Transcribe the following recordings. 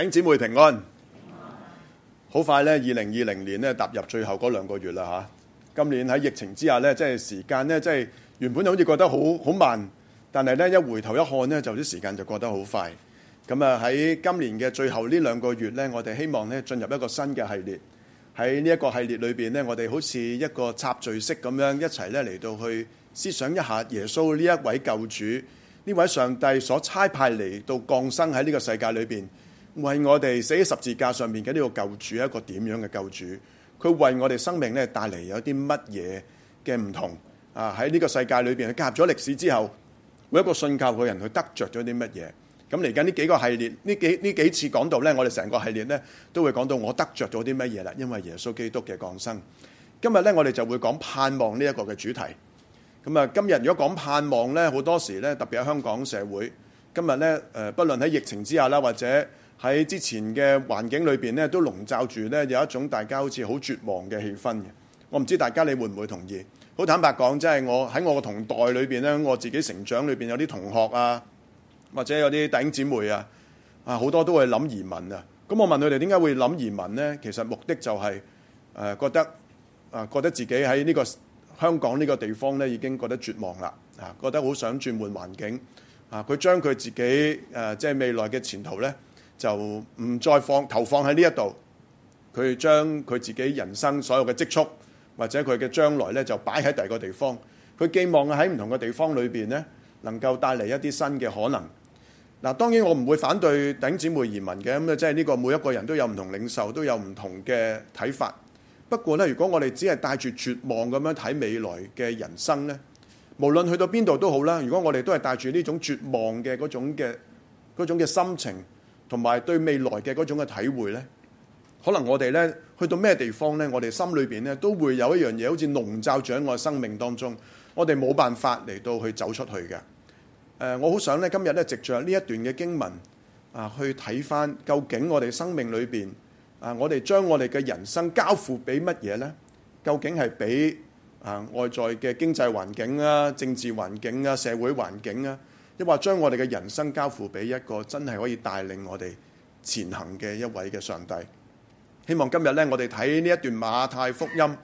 弟兄姊妹平安，好快咧！二零二零年咧踏入最後嗰兩個月啦吓。今年喺疫情之下咧，即係時間咧，即係原本好似覺得好好慢，但係咧一回頭一看咧，就啲時間就過得好快。咁啊喺今年嘅最後呢兩個月咧，我哋希望咧進入一個新嘅系列。喺呢一個系列裏邊咧，我哋好似一個插敘式咁樣一齊咧嚟到去思想一下耶穌呢一位救主，呢位上帝所差派嚟到降生喺呢個世界裏邊。為我哋死喺十字架上面嘅呢個救主，一個點樣嘅救主？佢為我哋生命咧帶嚟，有啲乜嘢嘅唔同？啊喺呢個世界裏邊佢結合咗歷史之後，每一個信教嘅人佢得着咗啲乜嘢？咁嚟緊呢幾個系列呢幾呢幾次講到咧，我哋成個系列咧都會講到我得着咗啲乜嘢啦？因為耶穌基督嘅降生，今日咧我哋就會講盼望呢一個嘅主題。咁啊，今日如果講盼望咧，好多時咧特別喺香港社會，今日咧誒，不論喺疫情之下啦，或者喺之前嘅環境裏邊咧，都籠罩住咧有一種大家好似好絕望嘅氣氛嘅。我唔知大家你會唔會同意？好坦白講，即係我喺我嘅同代裏邊咧，我自己成長裏邊有啲同學啊，或者有啲弟兄姊妹啊，啊好多都會諗移民啊。咁我問佢哋點解會諗移民咧？其實目的就係誒覺得啊，覺得自己喺呢個香港呢個地方咧已經覺得絕望啦，啊覺得好想轉換環境啊。佢將佢自己誒即係未來嘅前途咧，就唔再放投放喺呢一度，佢將佢自己人生所有嘅積蓄或者佢嘅將來咧，就擺喺第二個地方。佢寄望喺唔同嘅地方裏邊咧，能夠帶嚟一啲新嘅可能。嗱，當然我唔會反對弟兄姊妹移民嘅，咁啊，即係呢個每一個人都有唔同領袖，都有唔同嘅睇法。不過咧，如果我哋只係帶住絕望咁樣睇未來嘅人生咧，無論去到邊度都好啦。如果我哋都係帶住呢種絕望嘅嗰種嘅嗰種嘅心情。同埋對未來嘅嗰種嘅體會呢，可能我哋呢去到咩地方呢，我哋心裏邊呢都會有一樣嘢，好似籠罩住喺我生命當中，我哋冇辦法嚟到去走出去嘅。誒，我好想呢今日呢，藉著呢一段嘅經文啊，去睇返究竟我哋生命裏邊啊，我哋將我哋嘅人生交付俾乜嘢呢？究竟係俾啊外在嘅經濟環境啊、政治環境啊、社會環境啊？一話將我哋嘅人生交付俾一個真係可以帶領我哋前行嘅一位嘅上帝。希望今日呢，我哋睇呢一段馬太福音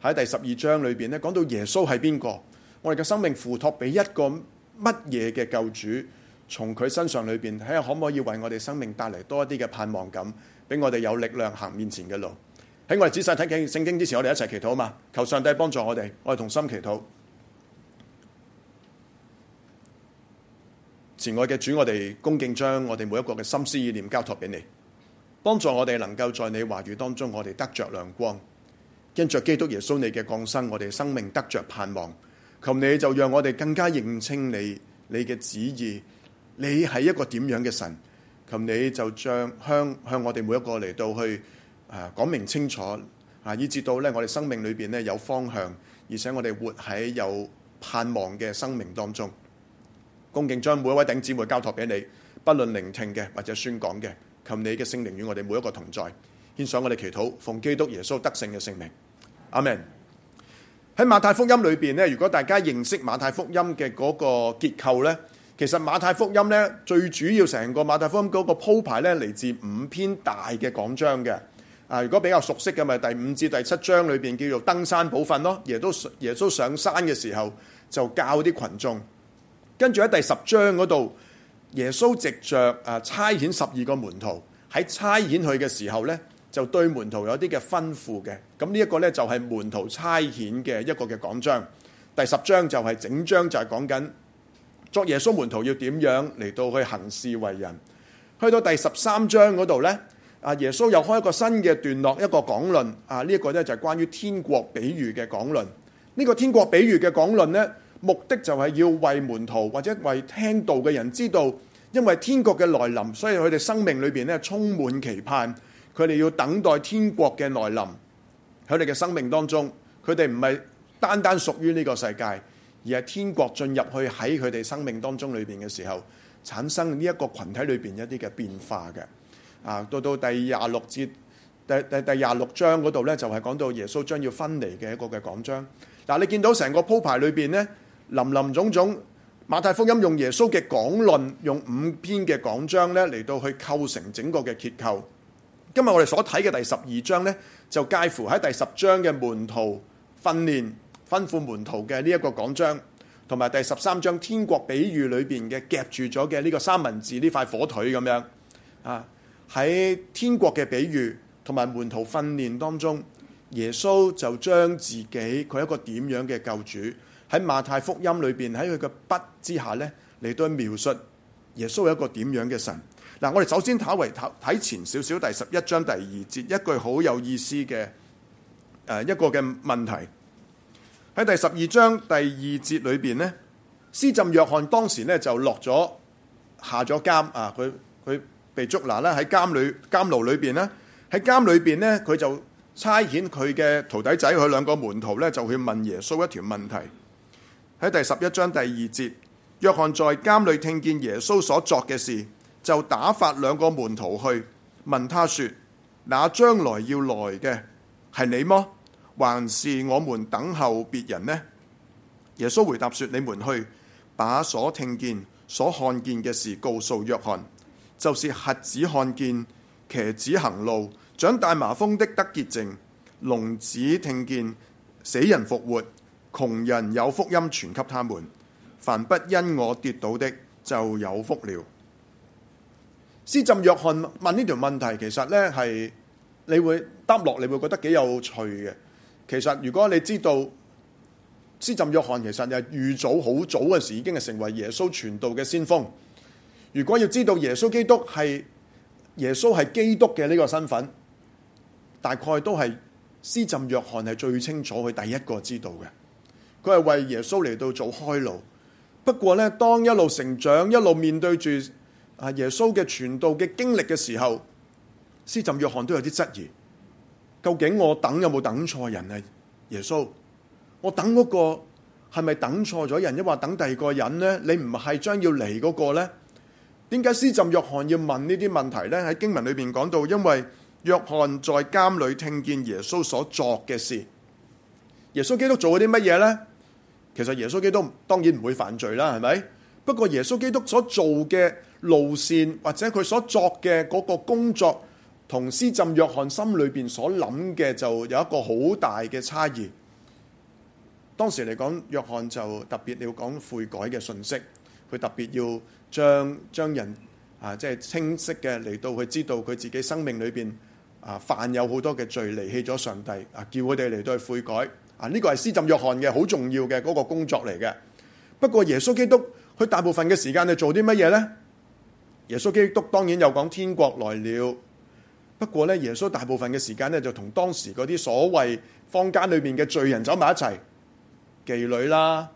喺第十二章裏邊咧，講到耶穌係邊個？我哋嘅生命付託俾一個乜嘢嘅救主？從佢身上裏邊睇下，可唔可以為我哋生命帶嚟多一啲嘅盼望感，俾我哋有力量行面前嘅路？喺我哋仔細睇緊聖經之前，我哋一齊祈禱啊嘛！求上帝幫助我哋，我哋同心祈禱。慈愛嘅主，我哋恭敬將我哋每一個嘅心思意念交託俾你，幫助我哋能夠在你話語當中，我哋得着亮光，因着基督耶穌你嘅降生，我哋生命得着盼望。求你就讓我哋更加認清你，你嘅旨意，你係一個點樣嘅神？求你就將向向，向我哋每一個嚟到去啊講明清楚啊，以至到咧我哋生命裏邊咧有方向，而且我哋活喺有盼望嘅生命當中。恭敬將每一位弟兄姊妹交託俾你，不論聆聽嘅或者宣講嘅，求你嘅聖靈與我哋每一個同在。獻上我哋祈禱，奉基督耶穌得勝嘅聖名，阿們。喺馬太福音裏邊咧，如果大家認識馬太福音嘅嗰個結構咧，其實馬太福音咧最主要成個馬太福音嗰個鋪排咧嚟自五篇大嘅講章嘅。啊，如果比較熟悉嘅咪、就是、第五至第七章裏邊叫做登山寶訓咯。耶穌耶穌上山嘅時候就教啲群眾。跟住喺第十章嗰度，耶穌直着啊差遣十二個門徒，喺差遣佢嘅時候呢，就對門徒有啲嘅吩咐嘅。咁呢一個咧就係、是、門徒差遣嘅一個嘅講章。第十章就係整章就係講緊作耶穌門徒要點樣嚟到去行事為人。去到第十三章嗰度呢，啊耶穌又開一個新嘅段落，一個講論啊、這個、呢一個咧就係、是、關於天國比喻嘅講論。呢、這個天國比喻嘅講論呢。目的就係要為門徒或者為聽道嘅人知道，因為天國嘅來臨，所以佢哋生命裏邊咧充滿期盼，佢哋要等待天國嘅來臨，佢哋嘅生命當中，佢哋唔係單單屬於呢個世界，而係天國進入去喺佢哋生命當中裏邊嘅時候，產生呢一個群體裏邊一啲嘅變化嘅。啊，到到第廿六節第第廿六章嗰度咧，就係講到耶穌將要分離嘅一個嘅講章。嗱、啊，你見到成個鋪排裏邊呢。林林總總，馬太福音用耶穌嘅講論，用五篇嘅講章咧嚟到去構成整個嘅結構。今日我哋所睇嘅第十二章呢，就介乎喺第十章嘅門徒訓練吩咐門徒嘅呢一個講章，同埋第十三章天國比喻裏邊嘅夾住咗嘅呢個三文治呢塊火腿咁樣啊，喺天國嘅比喻同埋門徒訓練當中，耶穌就將自己佢一個點樣嘅救主。喺馬太福音裏邊，喺佢嘅筆之下呢，嚟到描述耶穌係一個點樣嘅神。嗱、啊，我哋首先稍為睇前少少，第十一章第二節，一句好有意思嘅誒、呃，一個嘅問題喺第十二章第二節裏邊呢，施浸約翰當時呢就落咗下咗監啊，佢佢被捉拿啦，喺監裏監牢裏邊呢，喺監裏邊呢佢就差遣佢嘅徒弟仔佢兩個門徒呢，就去問耶穌一條問題。喺第十一章第二節，約翰在監裏聽見耶穌所作嘅事，就打發兩個門徒去問他說：那將來要來嘅係你麼？還是我們等候別人呢？耶穌回答說：你們去把所聽見、所看見嘅事告訴約翰，就是瞎子看見、瘸子行路、長大麻風的得潔淨、聾子聽見、死人復活。窮人有福音傳給他們，凡不因我跌倒的就有福了。施浸約翰問呢條問題，其實呢係你會答落，你會覺得幾有趣嘅。其實如果你知道施浸約翰其實係預早好早嘅時已經係成為耶穌傳道嘅先鋒。如果要知道耶穌基督係耶穌係基督嘅呢個身份，大概都係施浸約翰係最清楚，佢第一個知道嘅。佢係為耶穌嚟到做開路，不過呢，當一路成長，一路面對住啊耶穌嘅傳道嘅經歷嘅時候，施浸約翰都有啲質疑：究竟我等有冇等錯人啊？耶穌，我等嗰個係咪等錯咗人，抑或等第二個人呢？你唔係將要嚟嗰個呢？點解施浸約翰要問呢啲問題呢？」喺經文裏邊講到，因為約翰在監裏聽見耶穌所作嘅事，耶穌基督做咗啲乜嘢呢？其實耶穌基督當然唔會犯罪啦，係咪？不過耶穌基督所做嘅路線或者佢所作嘅嗰個工作，同施浸約翰心裏邊所諗嘅就有一個好大嘅差異。當時嚟講，約翰就特別要講悔改嘅信息，佢特別要將將人啊，即係清晰嘅嚟到佢知道佢自己生命裏邊啊犯有好多嘅罪，離棄咗上帝啊，叫佢哋嚟到去悔改。啊！呢、這個係施浸約翰嘅好重要嘅嗰、那個工作嚟嘅。不過耶穌基督佢大部分嘅時間係做啲乜嘢呢？耶穌基督當然有講天國來了，不過咧耶穌大部分嘅時間咧就同當時嗰啲所謂坊間裏面嘅罪人走埋一齊，妓女啦、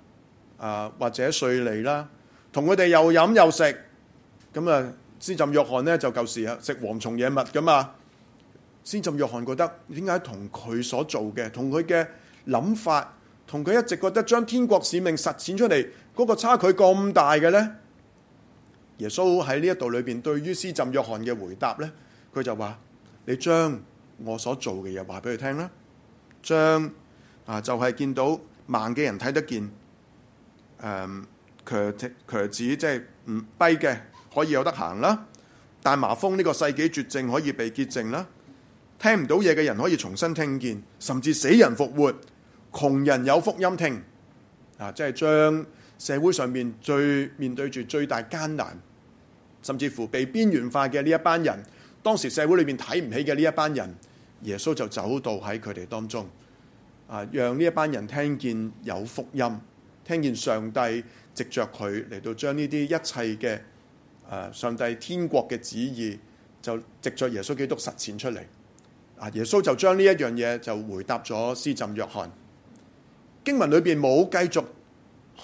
啊或者稅吏啦，同佢哋又飲又食。咁、嗯、啊施浸約翰呢，就舊時啊食蝗蟲野物噶嘛。施浸約翰覺得，點解同佢所做嘅同佢嘅？跟他的諗法同佢一直覺得將天國使命實踐出嚟嗰，那個差距咁大嘅咧，耶穌喺呢一度裏邊對於施浸約翰嘅回答咧，佢就話：你將我所做嘅嘢話俾佢聽啦。將啊就係，是，見到盲嘅人睇得見，誒強強子即係唔跛嘅可以有得行啦，但麻風呢個世紀絕症可以被潔淨啦，聽唔到嘢嘅人可以重新聽見，甚至死人復活。窮人有福音聽，啊，即係將社會上面最面對住最大艱難，甚至乎被邊緣化嘅呢一班人，當時社會裏面睇唔起嘅呢一班人，耶穌就走到喺佢哋當中，啊，讓呢一班人聽見有福音，聽見上帝藉着佢嚟到將呢啲一切嘅、啊，上帝天國嘅旨意就藉着耶穌基督實踐出嚟，啊，耶穌就將呢一樣嘢就回答咗施浸約翰。經文裏邊冇繼續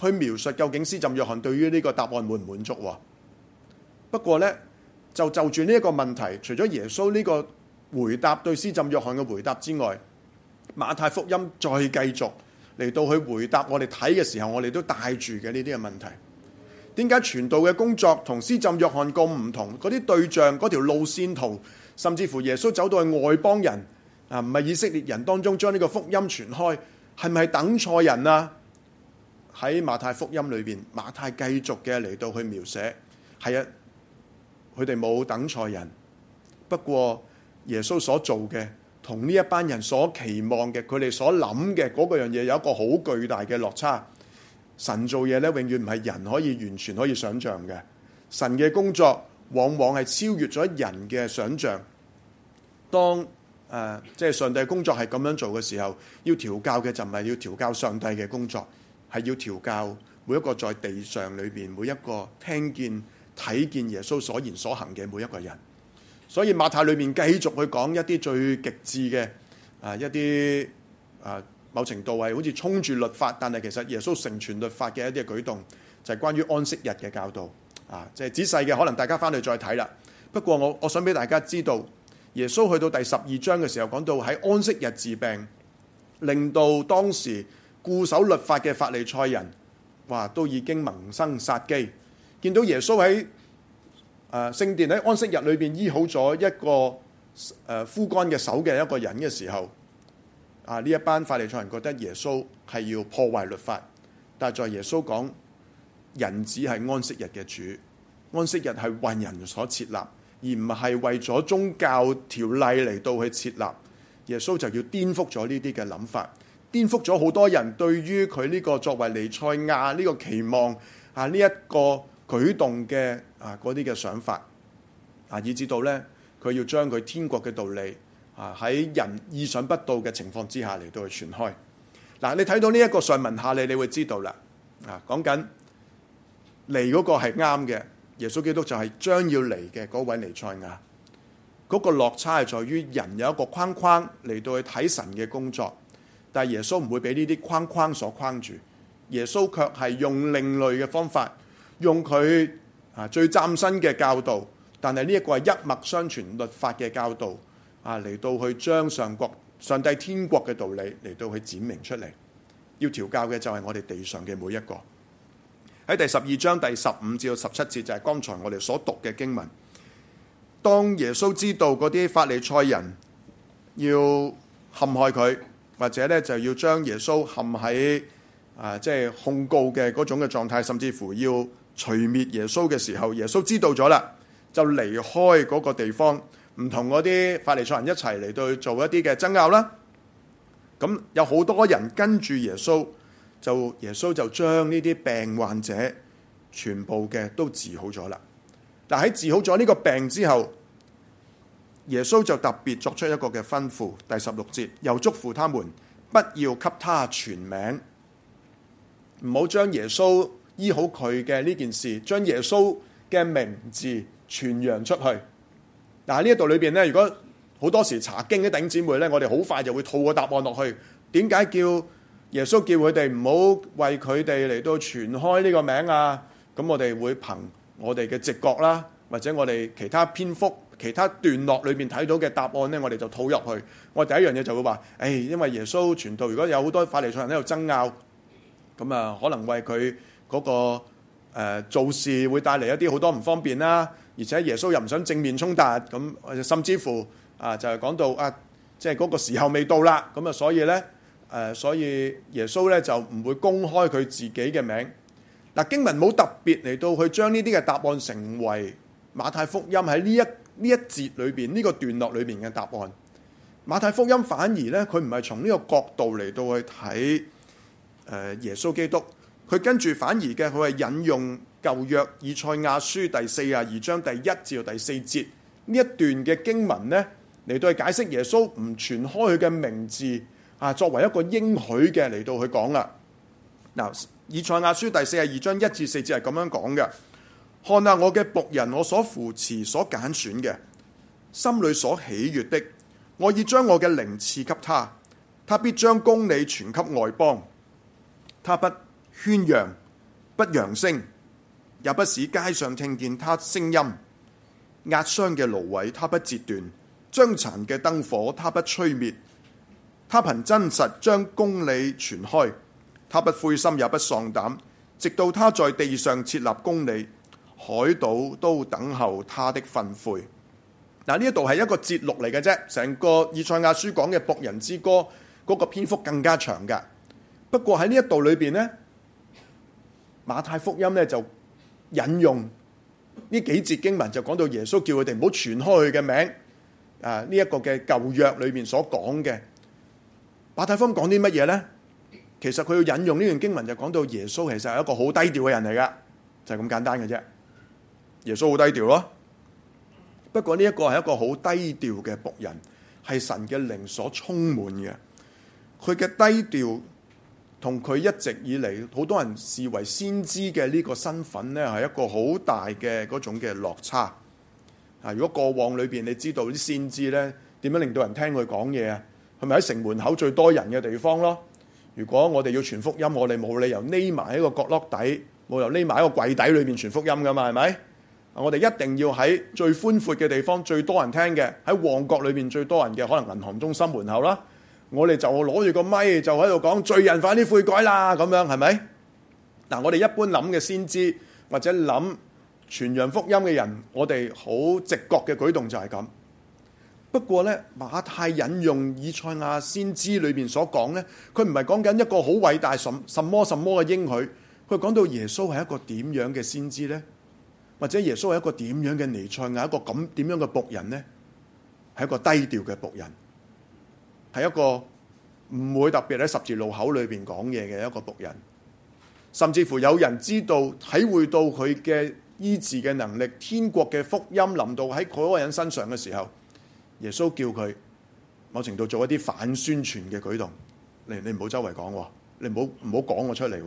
去描述究竟施浸約翰對於呢個答案滿唔滿足喎。不過呢，就就住呢一個問題，除咗耶穌呢個回答對施浸約翰嘅回答之外，馬太福音再繼續嚟到去回答我哋睇嘅時候，我哋都帶住嘅呢啲嘅問題：點解傳道嘅工作同施浸約翰咁唔同？嗰啲對象、嗰條路綫圖，甚至乎耶穌走到去外邦人啊，唔係以色列人當中將呢個福音傳開。係咪等錯人啊？喺馬太福音裏邊，馬太繼續嘅嚟到去描寫，係啊，佢哋冇等錯人。不過耶穌所做嘅，同呢一班人所期望嘅，佢哋所諗嘅嗰個樣嘢，有一個好巨大嘅落差。神做嘢咧，永遠唔係人可以完全可以想象嘅。神嘅工作往往係超越咗人嘅想象。當誒，即係上帝工作係咁樣做嘅時候，要調教嘅就唔係要調教上帝嘅工作，係要調教每一個在地上裏邊每一個聽見、睇見耶穌所言所行嘅每一個人。所以馬太裏面繼續去講一啲最極致嘅，啊，一啲啊，某程度係好似衝住律法，但係其實耶穌成全律法嘅一啲舉動，就係關於安息日嘅教導，啊，即係仔細嘅，可能大家翻去再睇啦。不過我我想俾大家知道。耶穌去到第十二章嘅時候，講到喺安息日治病，令到當時固守律法嘅法利賽人話都已經萌生殺機。見到耶穌喺誒聖殿喺安息日裏邊醫好咗一個誒枯乾嘅手嘅一個人嘅時候，啊呢一班法利賽人覺得耶穌係要破壞律法，但係在耶穌講人子係安息日嘅主，安息日係為人所設立。而唔係為咗宗教條例嚟到去設立，耶穌就要顛覆咗呢啲嘅諗法，顛覆咗好多人對於佢呢個作為彌賽亞呢個期望啊呢一個舉動嘅啊嗰啲嘅想法，啊以至到呢，佢要將佢天國嘅道理啊喺人意想不到嘅情況之下嚟到去傳開。嗱、啊，你睇到呢一個上文下理，你會知道啦。啊，講緊嚟嗰個係啱嘅。耶穌基督就係將要嚟嘅嗰位彌賽亞，嗰、嗰個落差係在於人有一個框框嚟到去睇神嘅工作，但係耶穌唔會俾呢啲框框所框住，耶穌卻係用另類嘅方法，用佢啊最嶄新嘅教導，但係呢一個係一脈相傳律法嘅教導啊嚟到去將上國上帝天國嘅道理嚟到去展明出嚟，要調教嘅就係我哋地上嘅每一個。喺第十二章第十五至到十七節就係、是、剛才我哋所讀嘅經文。當耶穌知道嗰啲法利賽人要陷害佢，或者咧就要將耶穌陷喺啊，即係、就是、控告嘅嗰種嘅狀態，甚至乎要除滅耶穌嘅時候，耶穌知道咗啦，就離開嗰個地方，唔同嗰啲法利賽人一齊嚟到去做一啲嘅爭拗啦。咁有好多人跟住耶穌。就耶穌就將呢啲病患者全部嘅都治好咗啦。但喺治好咗呢個病之後，耶穌就特別作出一個嘅吩咐，第十六節，又囑咐他們不要給他全名，唔好將耶穌醫好佢嘅呢件事，將耶穌嘅名字傳揚出去。但喺呢一度裏邊呢，如果好多時查經嘅頂姊妹呢，我哋好快就會套個答案落去，點解叫？耶穌叫佢哋唔好為佢哋嚟到傳開呢個名啊！咁我哋會憑我哋嘅直覺啦，或者我哋其他篇幅、其他段落裏面睇到嘅答案呢，我哋就套入去。我第一樣嘢就會話，誒、哎，因為耶穌傳道，如果有好多法利賽人喺度爭拗，咁啊，可能為佢嗰、嗰個、呃、做事會帶嚟一啲好多唔方便啦。而且耶穌又唔想正面衝突，咁甚至乎啊，就係講到啊，即係嗰個時候未到啦，咁啊，所以呢。誒，所以耶穌咧就唔會公開佢自己嘅名。嗱，經文冇特別嚟到去將呢啲嘅答案成為馬太福音喺呢一呢一節裏邊呢，這個段落裏邊嘅答案。馬太福音反而咧，佢唔係從呢個角度嚟到去睇、呃、耶穌基督，佢跟住反而嘅佢係引用舊約以賽亞書第四十二章第一至到第四節呢一段嘅經文呢，嚟到去解釋耶穌唔傳開佢嘅名字。啊，作為一個應許嘅嚟到去講啦。以賽亞書第四十二章一至四節係咁樣講嘅：看下我嘅僕人，我所扶持、所揀選嘅，心裏所喜悅的，我已將我嘅靈賜給他，他必將公理傳給外邦。他不宣揚，不揚聲，也不使街上聽見他聲音。壓傷嘅蘆葦，他不折斷；將殘嘅燈火，他不吹滅。他憑真實將公理傳開，他不灰心也不喪膽，直到他在地上設立公理，海島都等候他的訓誨。嗱、啊，呢一度係一個節錄嚟嘅啫，成個以賽亞書講嘅僕人之歌嗰，那個篇幅更加長㗎。不過喺呢一度裏邊呢，馬太福音呢就引用呢幾節經文，就講到耶穌叫佢哋唔好傳開佢嘅名，啊呢一，這個嘅舊約裏面所講嘅。馬太福音講啲乜嘢呢？其實佢要引用呢段經文就講到耶穌其實係一個好低調嘅人嚟噶，就係咁簡單嘅啫。耶穌好低調咯。不過呢一個係一個好低調嘅僕人，係神嘅靈所充滿嘅。佢嘅低調同佢一直以嚟好多人視為先知嘅呢個身份呢，係一個好大嘅嗰種嘅落差。啊！如果過往裏邊你知道啲先知呢，點樣令到人聽佢講嘢啊？係咪喺城門口最多人嘅地方咯？如果我哋要傳福音，我哋冇理由匿埋喺個角落底，冇由匿埋喺個櫃底裏面傳福音噶嘛？係咪？我哋一定要喺最寬闊嘅地方、最多人聽嘅喺旺角裏面最多人嘅可能銀行中心門口啦。我哋就攞住個咪，就喺度講：罪人快啲悔改啦！咁樣係咪？嗱，我哋一般諗嘅先知或者諗傳揚福音嘅人，我哋好直覺嘅舉動就係咁。不過咧，馬太引用以賽亞先知裏面所講咧，佢唔係講緊一個好偉大什什麼什麼嘅應許。佢講到耶穌係一個點樣嘅先知咧，或者耶穌係一個點樣嘅彌賽亞，一個咁點樣嘅僕人咧，係一個低調嘅僕人，係一個唔會特別喺十字路口裏邊講嘢嘅一個僕人。甚至乎有人知道體會到佢嘅醫治嘅能力，天國嘅福音臨到喺佢個人身上嘅時候。耶穌叫佢某程度做一啲反宣傳嘅舉動，你你唔好周圍講，你唔好唔好講我出嚟。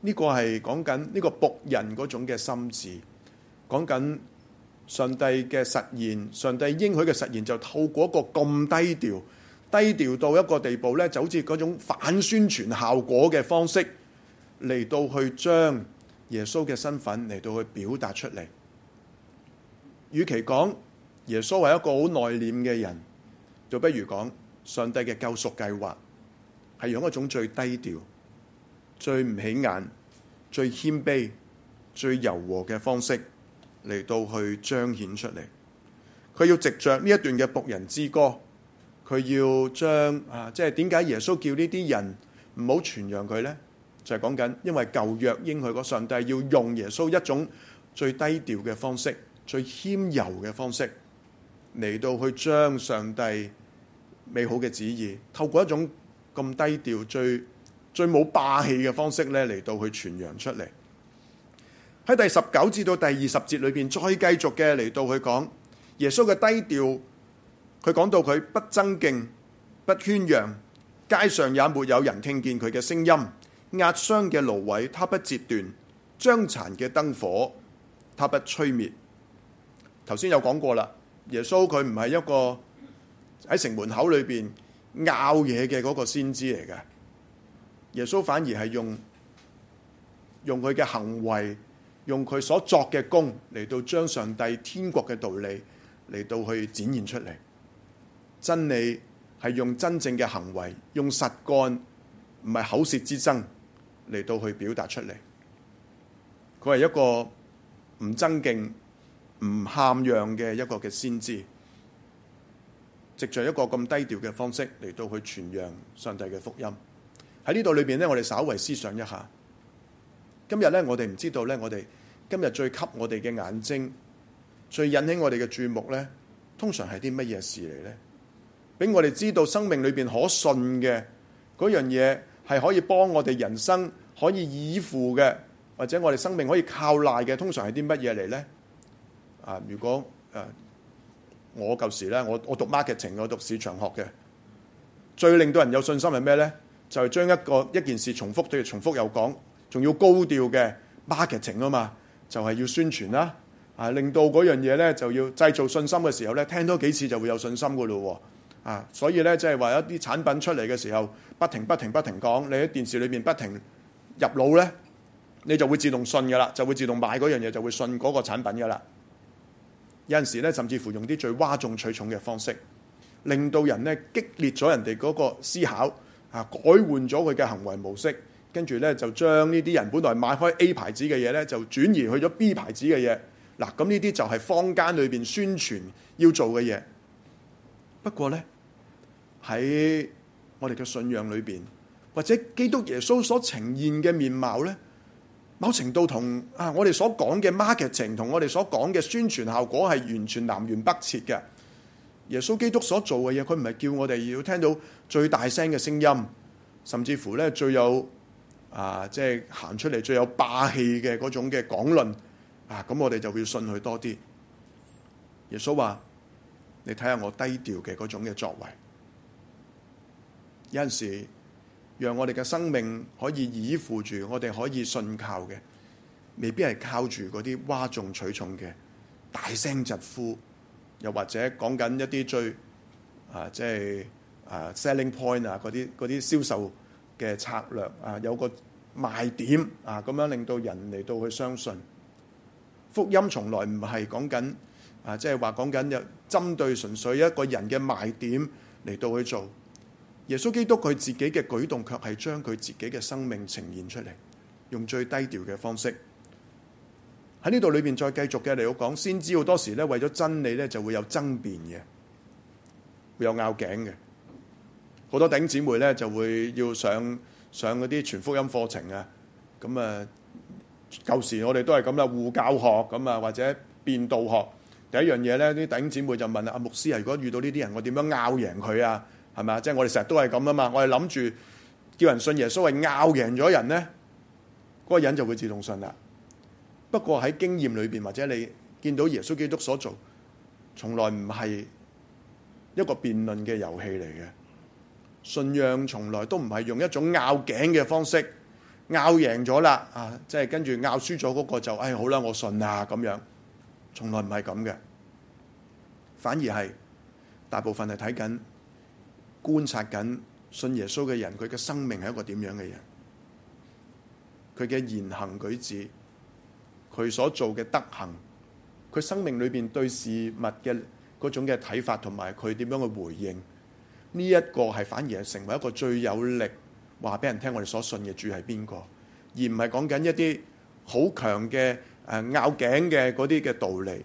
呢個係講緊呢個僕人嗰種嘅心智，講緊上帝嘅實現，上帝應許嘅實現就透過一個咁低調、低調到一個地步咧，就好似嗰種反宣傳效果嘅方式嚟到去將耶穌嘅身份嚟到去表達出嚟。與其講耶穌為一個好內斂嘅人，就不如講上帝嘅救贖計劃係用一種最低調、最唔起眼、最謙卑、最柔和嘅方式嚟到去彰顯出嚟。佢要藉着呢一段嘅僕人之歌，佢要將啊，即係點解耶穌叫呢啲人唔好傳揚佢呢？就係講緊因為舊約應許嗰上帝要用耶穌一種最低調嘅方式、最謙柔嘅方式。嚟到去將上帝美好嘅旨意，透過一種咁低調、最最冇霸氣嘅方式咧，嚟到去傳揚出嚟。喺第十九至到第二十節裏邊，再繼續嘅嚟到去講耶穌嘅低調。佢講到佢不爭競、不喧嚷，街上也沒有人聽見佢嘅聲音。壓傷嘅蘆葦，他不折斷；將殘嘅燈火，他不吹滅。頭先有講過啦。耶穌佢唔係一個喺城門口裏邊拗嘢嘅嗰個先知嚟嘅，耶穌反而係用用佢嘅行為，用佢所作嘅功，嚟到將上帝天國嘅道理嚟到去展現出嚟。真理係用真正嘅行為，用實幹，唔係口舌之爭嚟到去表達出嚟。佢係一個唔爭競。唔喊讓嘅一個嘅先知，藉着一個咁低調嘅方式嚟到去傳揚上帝嘅福音。喺呢度裏邊咧，我哋稍為思想一下，今日咧，我哋唔知道咧，我哋今日最吸我哋嘅眼睛，最引起我哋嘅注目咧，通常係啲乜嘢事嚟咧？俾我哋知道生命裏邊可信嘅嗰樣嘢，係可以幫我哋人生可以倚附嘅，或者我哋生命可以靠賴嘅，通常係啲乜嘢嚟咧？啊！如果誒、啊，我舊時咧，我我讀 marketing，我讀市場學嘅，最令到人有信心係咩咧？就係、是、將一個一件事重複對重複又講，仲要高調嘅 marketing 啊嘛，就係、是、要宣傳啦。啊，令到嗰樣嘢咧就要製造信心嘅時候咧，聽多幾次就會有信心噶咯喎。啊，所以咧即係話一啲產品出嚟嘅時候，不停不停不停講，你喺電視裏面不停入腦咧，你就會自動信噶啦，就會自動買嗰樣嘢，就會信嗰個產品噶啦。有陣時咧，甚至乎用啲最嘩眾取寵嘅方式，令到人咧激烈咗人哋嗰個思考，啊，改換咗佢嘅行為模式，跟住咧就將呢啲人本來買開 A 牌子嘅嘢咧，就轉移去咗 B 牌子嘅嘢。嗱，咁呢啲就係坊間裏面宣傳要做嘅嘢。不過咧，喺我哋嘅信仰裏面，或者基督耶穌所呈現嘅面貌咧。某程度同啊，我哋所講嘅 marketing 同我哋所講嘅宣傳效果係完全南轅北轍嘅。耶穌基督所做嘅嘢，佢唔係叫我哋要聽到最大聲嘅聲音，甚至乎咧最有啊，即係行出嚟最有霸氣嘅嗰種嘅講論啊，咁我哋就會信佢多啲。耶穌話：你睇下我低調嘅嗰種嘅作為。有陣時。讓我哋嘅生命可以倚附住，我哋可以信靠嘅，未必係靠住嗰啲嘩眾取寵嘅大聲疾呼，又或者講緊一啲最啊，即係啊 selling point 啊嗰啲嗰啲銷售嘅策略啊，有個賣點啊，咁樣令到人嚟到去相信福音，從來唔係講緊啊，即係話講緊有針對純粹一個人嘅賣點嚟到去做。耶穌基督佢自己嘅舉動，卻係將佢自己嘅生命呈現出嚟，用最低調嘅方式喺呢度裏邊再繼續嘅嚟講，先知好多時咧為咗真理咧就會有爭辯嘅，會有拗頸嘅，好多弟兄姊妹咧就會要上上嗰啲全福音課程啊，咁啊舊時我哋都係咁啦，護教學咁啊或者辯道學第一樣嘢咧啲弟兄姊妹就問阿、啊、牧師啊，如果遇到呢啲人，我點樣拗贏佢啊？係嘛？即係我哋成日都係咁噶嘛？我哋諗住叫人信耶穌，係拗贏咗人咧，嗰個人就會自動信啦。不過喺經驗裏邊，或者你見到耶穌基督所做，從來唔係一個辯論嘅遊戲嚟嘅。信仰從來都唔係用一種拗頸嘅方式拗贏咗啦。啊，即係跟住拗輸咗嗰個就，哎，好啦，我信啦咁樣。從來唔係咁嘅，反而係大部分係睇緊。觀察緊信耶穌嘅人，佢嘅生命係一個點樣嘅人？佢嘅言行舉止，佢所做嘅德行，佢生命裏邊對事物嘅嗰種嘅睇法，同埋佢點樣去回應？呢、這、一個係反而係成為一個最有力話俾人聽，我哋所信嘅主係邊個，而唔係講緊一啲好強嘅誒、呃、拗頸嘅嗰啲嘅道理。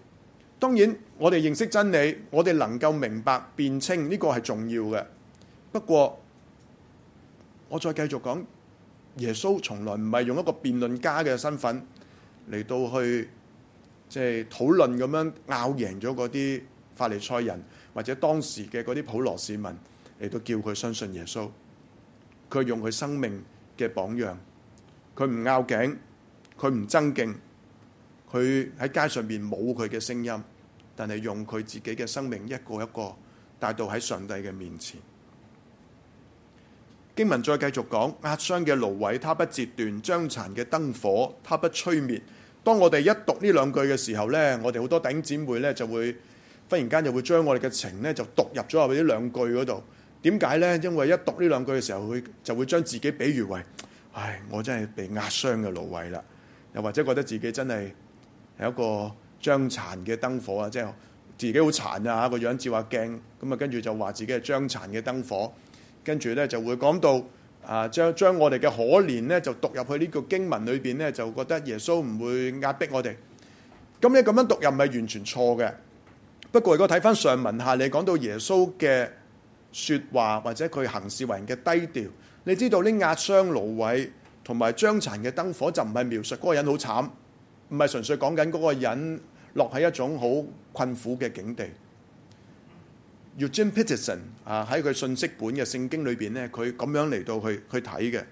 當然，我哋認識真理，我哋能夠明白辨清呢、這個係重要嘅。不過我再繼續講，耶穌從來唔係用一個辯論家嘅身份嚟到去即係、就是、討論咁樣拗贏咗嗰啲法利賽人或者當時嘅嗰啲普羅市民嚟到叫佢相信耶穌。佢用佢生命嘅榜樣，佢唔拗頸，佢唔爭競，佢喺街上面冇佢嘅聲音，但係用佢自己嘅生命一個一個帶到喺上帝嘅面前。經文再繼續講，壓傷嘅蘆葦，它不折斷；將殘嘅燈火，它不吹滅。當我哋一讀呢兩句嘅時候呢，我哋好多弟兄姐妹呢就會忽然間就會將我哋嘅情呢就讀入咗入呢兩句嗰度。點解呢？因為一讀呢兩句嘅時候，佢就會將自己比喻為，唉，我真係被壓傷嘅蘆葦啦，又或者覺得自己真係係一個將殘嘅燈火啊，即係自己好殘啊，個樣照下鏡，咁啊跟住就話自己係將殘嘅燈火。跟住咧就會講到，啊將將我哋嘅可憐咧就讀入去呢個經文裏面咧，就覺得耶穌唔會壓迫我哋。咁你咁樣讀又唔係完全錯嘅。不過如果睇翻上文下，你講到耶穌嘅說話或者佢行事為人嘅低調，你知道呢壓傷蘆葦同埋將殘嘅燈火就唔係描述嗰、那個人好慘，唔係純粹講緊嗰個人落喺一種好困苦嘅境地。Eugene Peterson 啊，喺佢信息本嘅聖經裏邊咧，佢咁樣嚟到去去睇嘅。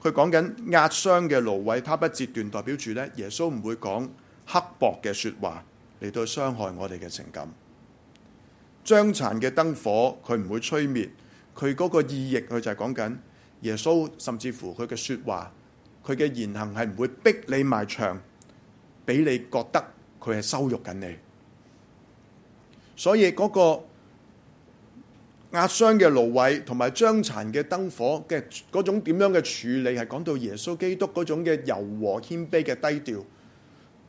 佢講緊壓傷嘅蘆葦，他不折斷，代表住咧耶穌唔會講刻薄嘅說話嚟到傷害我哋嘅情感。將殘嘅燈火，佢唔會吹滅。佢嗰個意譯，佢就係講緊耶穌，甚至乎佢嘅說話，佢嘅言行係唔會逼你埋牆，俾你覺得佢係羞辱緊你。所以嗰個。壓傷嘅蘆葦，同埋將殘嘅燈火嘅嗰種點樣嘅處理，係講到耶穌基督嗰種嘅柔和謙卑嘅低調。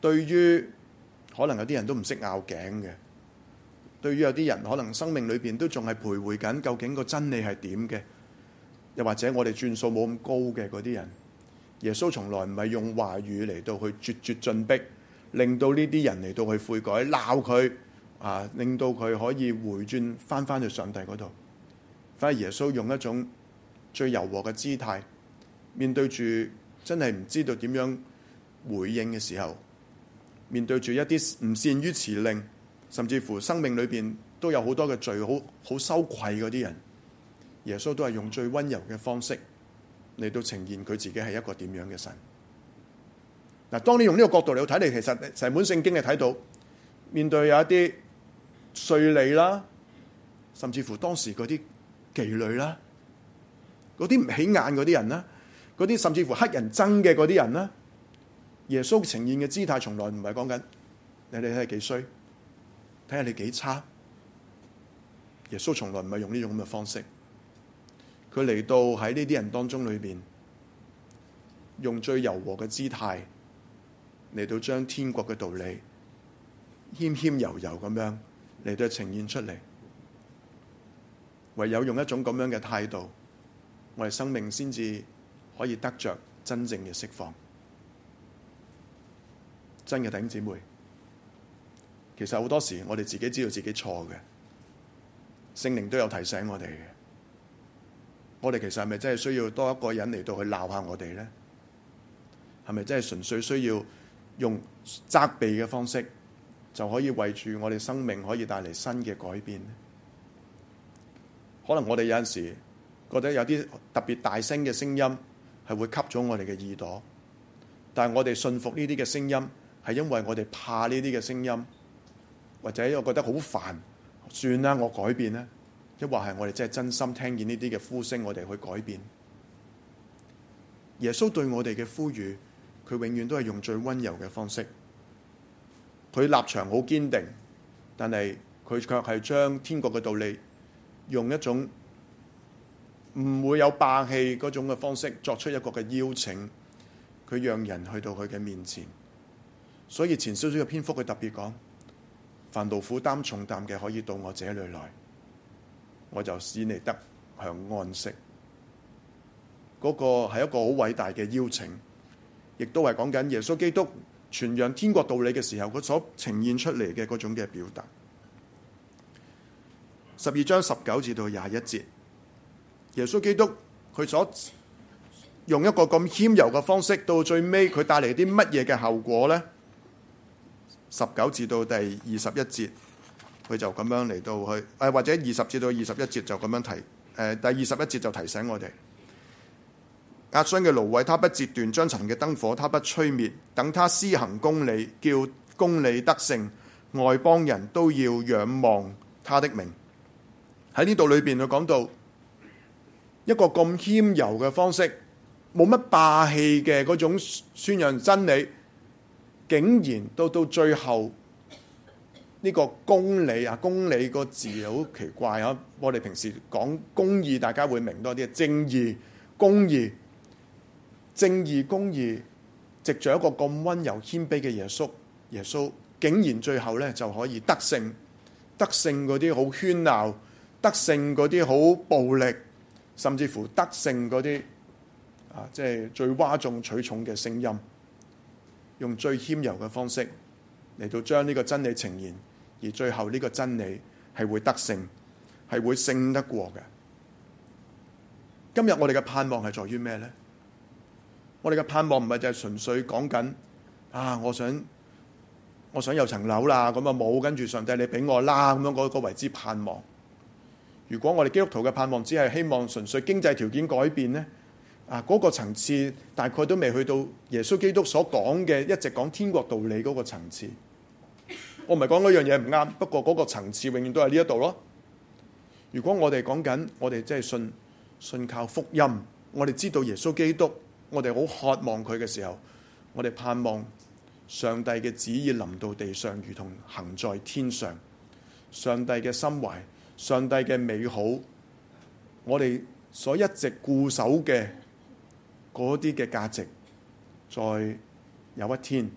對於可能有啲人都唔識拗頸嘅，對於有啲人可能生命裏邊都仲係徘徊緊，究竟個真理係點嘅？又或者我哋轉數冇咁高嘅嗰啲人，耶穌從來唔係用話語嚟到去咄咄進逼，令到呢啲人嚟到去悔改，鬧佢。啊！令到佢可以回轉翻翻去上帝嗰度，反而耶穌用一種最柔和嘅姿態，面對住真係唔知道點樣回應嘅時候，面對住一啲唔善於辭令，甚至乎生命裏邊都有好多嘅罪，好好羞愧嗰啲人，耶穌都係用最溫柔嘅方式嚟到呈現佢自己係一個點樣嘅神。嗱、啊，當你用呢個角度嚟到睇，你其實成本聖經嘅睇到，面對有一啲。稅吏啦，甚至乎當時嗰啲妓女啦，嗰啲唔起眼嗰啲人啦，嗰啲甚至乎黑人憎嘅嗰啲人啦，耶穌呈現嘅姿態從來唔係講緊你哋睇下幾衰，睇下你幾差。耶穌從來唔係用呢種咁嘅方式，佢嚟到喺呢啲人當中裏邊，用最柔和嘅姿態嚟到將天國嘅道理謙謙柔柔咁樣。嚟到呈現出嚟，唯有用一種咁樣嘅態度，我哋生命先至可以得着真正嘅釋放。真嘅弟兄姊妹，其實好多時我哋自己知道自己錯嘅，聖靈都有提醒我哋嘅。我哋其實係咪真係需要多一個人嚟到去鬧下我哋咧？係咪真係純粹需要用責備嘅方式？就可以為住我哋生命可以帶嚟新嘅改變。可能我哋有陣時覺得有啲特別大聲嘅聲音係會吸咗我哋嘅耳朵，但係我哋信服呢啲嘅聲音係因為我哋怕呢啲嘅聲音，或者我覺得好煩，算啦，我改變啦。抑或係我哋真係真心聽見呢啲嘅呼聲，我哋去改變。耶穌對我哋嘅呼籲，佢永遠都係用最温柔嘅方式。佢立場好堅定，但係佢卻係將天國嘅道理用一種唔會有霸氣嗰種嘅方式作出一個嘅邀請，佢讓人去到佢嘅面前。所以前少少嘅篇幅佢特別講：「凡勞苦擔重擔嘅可以到我這裡來，我就使你得享安息。」嗰、那個係一個好偉大嘅邀請，亦都係講緊耶穌基督。傳揚天國道理嘅時候，佢所呈現出嚟嘅嗰種嘅表達，十二章十九至到廿一節，耶穌基督佢所用一個咁謙柔嘅方式，到最尾佢帶嚟啲乜嘢嘅後果咧？十九至到第二十一節，佢就咁樣嚟到去誒，或者二十至到二十一節就咁樣提，誒第二十一節就提醒我哋。壓傷嘅蘆葦，他不折斷；將殘嘅燈火，他不吹滅。等他施行公理，叫公理得勝，外邦人都要仰望他的名。喺呢度裏邊，佢講到一個咁謙柔嘅方式，冇乜霸氣嘅嗰種宣揚真理，竟然到到最後呢個公理啊，公理個字好奇怪啊！我哋平時講公義，大家會明多啲，正義、公義。正義公義，藉住一個咁溫柔謙卑嘅耶穌，耶穌竟然最後咧就可以得勝，得勝嗰啲好喧鬧，得勝嗰啲好暴力，甚至乎得勝嗰啲啊，即係最嘩眾取寵嘅聲音，用最謙柔嘅方式嚟到將呢個真理呈現，而最後呢個真理係會得勝，係會勝得過嘅。今日我哋嘅盼望係在於咩咧？我哋嘅盼望唔係就係純粹講緊啊，我想我想有層樓啦，咁啊冇，跟住上帝你俾我啦，咁樣嗰、嗰個為之盼望。如果我哋基督徒嘅盼望只係希望純粹經濟條件改變呢，啊、嗰、嗰個層次大概都未去到耶穌基督所講嘅一直講天國道理嗰個層次。我唔係講嗰樣嘢唔啱，不過嗰個層次永遠都係呢一度咯。如果我哋講緊我哋即係信信靠福音，我哋知道耶穌基督。我哋好渴望佢嘅時候，我哋盼望上帝嘅旨意臨到地上，如同行在天上。上帝嘅心懷，上帝嘅美好，我哋所一直固守嘅嗰啲嘅價值，在有一天，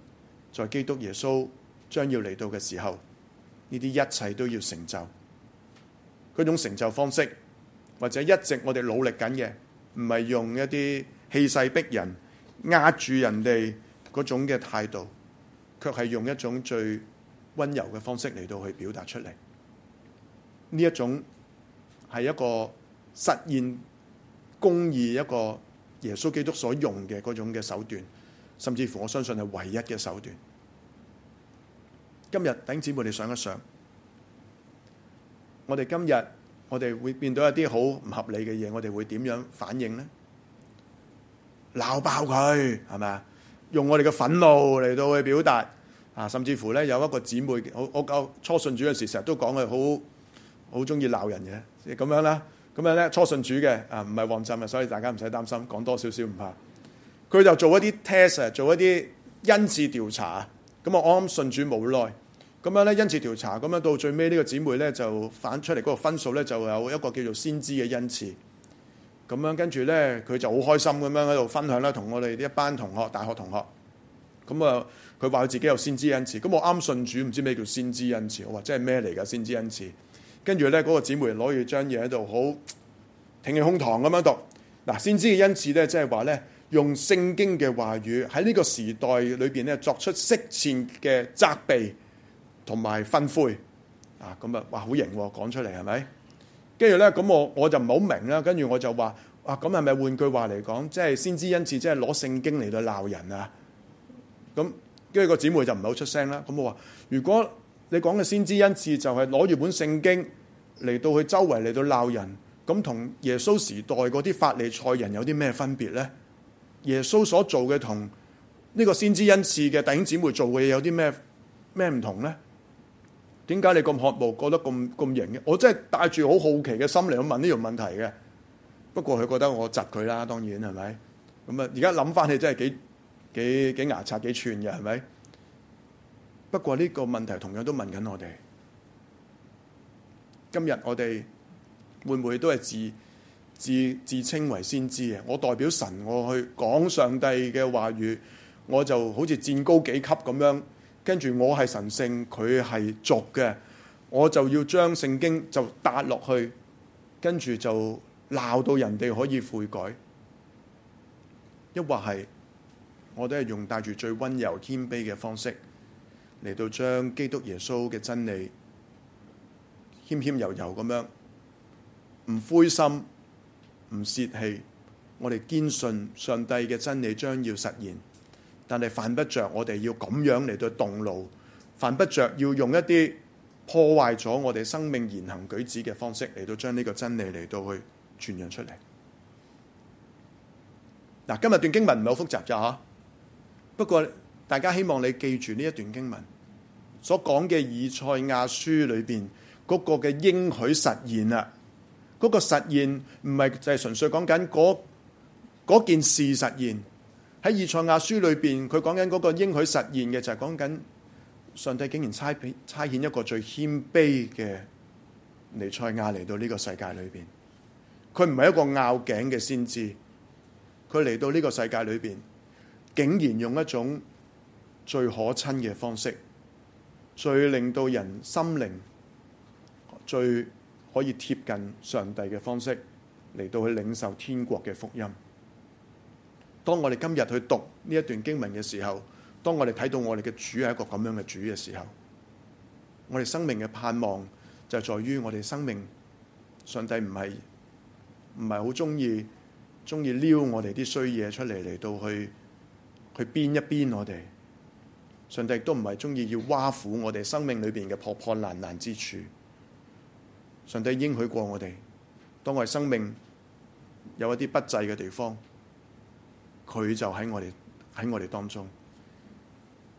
在基督耶穌將要嚟到嘅時候，呢啲一切都要成就。嗰種成就方式，或者一直我哋努力緊嘅，唔係用一啲。氣勢逼人、壓住人哋嗰種嘅態度，卻係用一種最溫柔嘅方式嚟到去表達出嚟。呢一種係一個實現公義一個耶穌基督所用嘅嗰種嘅手段，甚至乎我相信係唯一嘅手段。今日弟兄姊妹，你想一想，我哋今日我哋會變到一啲好唔合理嘅嘢，我哋會點樣反應呢？鬧爆佢係咪啊？用我哋嘅憤怒嚟到去表達啊！甚至乎咧有一個姊妹，我我教初信主嘅時候，成日都講佢好好中意鬧人嘅，咁樣啦，咁樣咧初信主嘅啊，唔係旺浸，啊，所以大家唔使擔心，講多少少唔怕。佢就做一啲 test 啊，做一啲恩賜調查。咁啊，我啱信主冇耐，咁樣咧恩賜調查，咁樣到最尾呢個姊妹咧就反出嚟嗰個分數咧就有一個叫做先知嘅恩賜。咁樣跟住咧，佢就好開心咁樣喺度分享啦，同我哋一班同學、大學同學。咁啊，佢話佢自己有先知恩賜。咁我啱信主，唔知咩叫先知恩賜。我話：真係咩嚟㗎？先知恩賜。跟住咧，嗰個姊妹攞住張嘢喺度，好挺起胸膛咁樣讀。嗱，先知嘅恩賜咧，即係話咧，用聖經嘅話語喺呢個時代裏邊咧，作出適切嘅責備同埋訓誨。啊，咁啊，哇，好型喎，講出嚟係咪？是跟住咧，咁我我就唔係好明啦。跟住我就話：哇、啊，咁係咪換句話嚟講，即係先知恩賜，即係攞聖經嚟到鬧人啊？咁，跟住個姊妹就唔好出聲啦。咁我話：如果你講嘅先知恩賜，就係攞住本聖經嚟到佢周圍嚟到鬧人，咁同耶穌時代嗰啲法利賽人有啲咩分別咧？耶穌所做嘅同呢個先知恩賜嘅弟兄姊妹做嘅嘢有啲咩咩唔同咧？點解你咁渴慕，覺得咁咁型嘅？我真係帶住好好奇嘅心嚟去問呢樣問題嘅。不過佢覺得我窒佢啦，當然係咪？咁啊，而家諗翻起來真係幾幾幾牙擦幾寸嘅，係咪？不過呢個問題同樣都問緊我哋。今日我哋會唔會都係自自自稱為先知嘅？我代表神，我去講上帝嘅話語，我就好似站高幾級咁樣。跟住我係神聖，佢係俗嘅，我就要將聖經就搭落去，跟住就鬧到人哋可以悔改，抑或係我都係用帶住最温柔謙卑嘅方式嚟到將基督耶穌嘅真理謙謙柔柔咁樣，唔灰心，唔泄氣，我哋堅信上帝嘅真理將要實現。但係犯不着我哋要咁樣嚟到動怒，犯不着要用一啲破壞咗我哋生命言行舉止嘅方式嚟到將呢個真理嚟到去傳揚出嚟。嗱，今日段經文唔係好複雜咋吓，不過大家希望你記住呢一段經文所講嘅以賽亞書裏面嗰個嘅應許實現啦，嗰個實現唔係就係純粹講緊嗰嗰件事實現。喺以賽亞書裏邊，佢講緊嗰個應許實現嘅，就係講緊上帝竟然差差遣一個最謙卑嘅彌賽亞嚟到呢個世界裏邊。佢唔係一個拗頸嘅先知，佢嚟到呢個世界裏邊，竟然用一種最可親嘅方式，最令到人心靈最可以貼近上帝嘅方式，嚟到去領受天國嘅福音。當我哋今日去讀呢一段經文嘅時候，當我哋睇到我哋嘅主係一個咁樣嘅主嘅時候，我哋生命嘅盼望就在於我哋生命，上帝唔係唔係好中意中意撩我哋啲衰嘢，出嚟嚟到去去鞭一鞭我哋，上帝亦都唔係中意要挖苦我哋生命裏邊嘅破破爛爛之處，上帝應許過我哋，當我哋生命有一啲不濟嘅地方。佢就喺我哋喺我哋當中，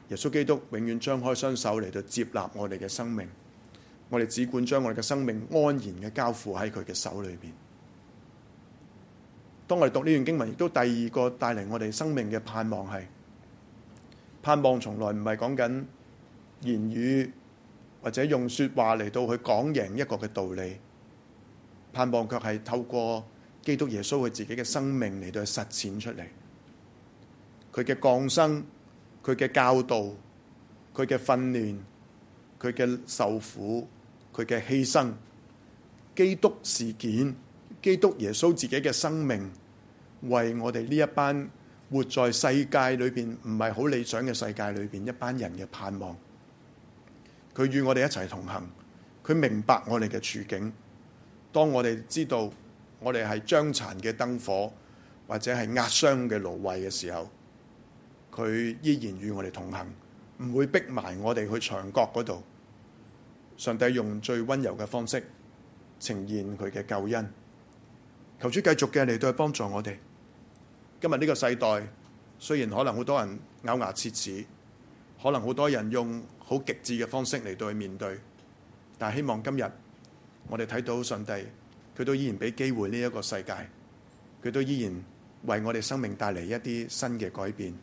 耶穌基督永遠張開雙手嚟到接納我哋嘅生命，我哋只管將我哋嘅生命安然嘅交付喺佢嘅手裏邊。當我哋讀呢段經文，亦都第二個帶嚟我哋生命嘅盼望係，盼望從來唔係講緊言語或者用說話嚟到去講贏一個嘅道理，盼望卻係透過基督耶穌佢自己嘅生命嚟到去實踐出嚟。佢嘅降生，佢嘅教導，佢嘅訓練，佢嘅受苦，佢嘅犧牲，基督事件，基督耶穌自己嘅生命，為我哋呢一班活在世界裏邊唔係好理想嘅世界裏邊一班人嘅盼望，佢與我哋一齊同行，佢明白我哋嘅處境。當我哋知道我哋係將殘嘅燈火，或者係壓傷嘅蘆葦嘅時候，佢依然與我哋同行，唔會逼埋我哋去牆角嗰度。上帝用最溫柔嘅方式呈現佢嘅救恩。求主繼續嘅嚟到去幫助我哋。今日呢個世代雖然可能好多人咬牙切齒，可能好多人用好極致嘅方式嚟到去面對，但係希望今日我哋睇到上帝，佢都依然俾機會呢一個世界，佢都依然為我哋生命帶嚟一啲新嘅改變。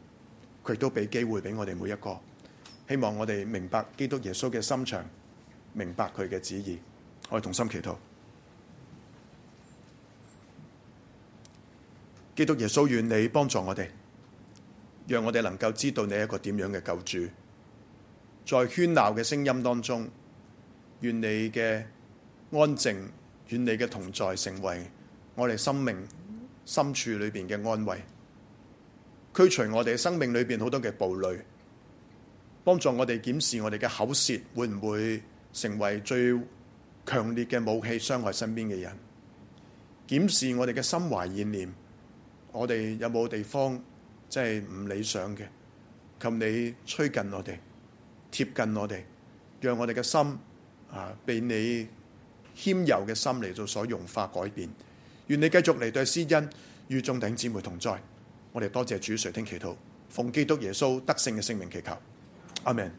佢都俾機會俾我哋每一個，希望我哋明白基督耶穌嘅心腸，明白佢嘅旨意。我哋同心祈禱，基督耶穌願你幫助我哋，讓我哋能夠知道你係一個點樣嘅救主。在喧鬧嘅聲音當中，願你嘅安靜，願你嘅同在成為我哋生命深處裏邊嘅安慰。驅除我哋生命裏邊好多嘅暴戾，幫助我哋檢視我哋嘅口舌會唔會成為最強烈嘅武器，傷害身邊嘅人；檢視我哋嘅心懷意念，我哋有冇地方即係唔理想嘅？求你吹近我哋，貼近我哋，讓我哋嘅心啊被你謙柔嘅心嚟做所融化改變。願你繼續嚟對施恩，與眾頂姊妹同在。我哋多謝主垂聽祈禱，奉基督耶穌得勝嘅聖名祈求，阿門。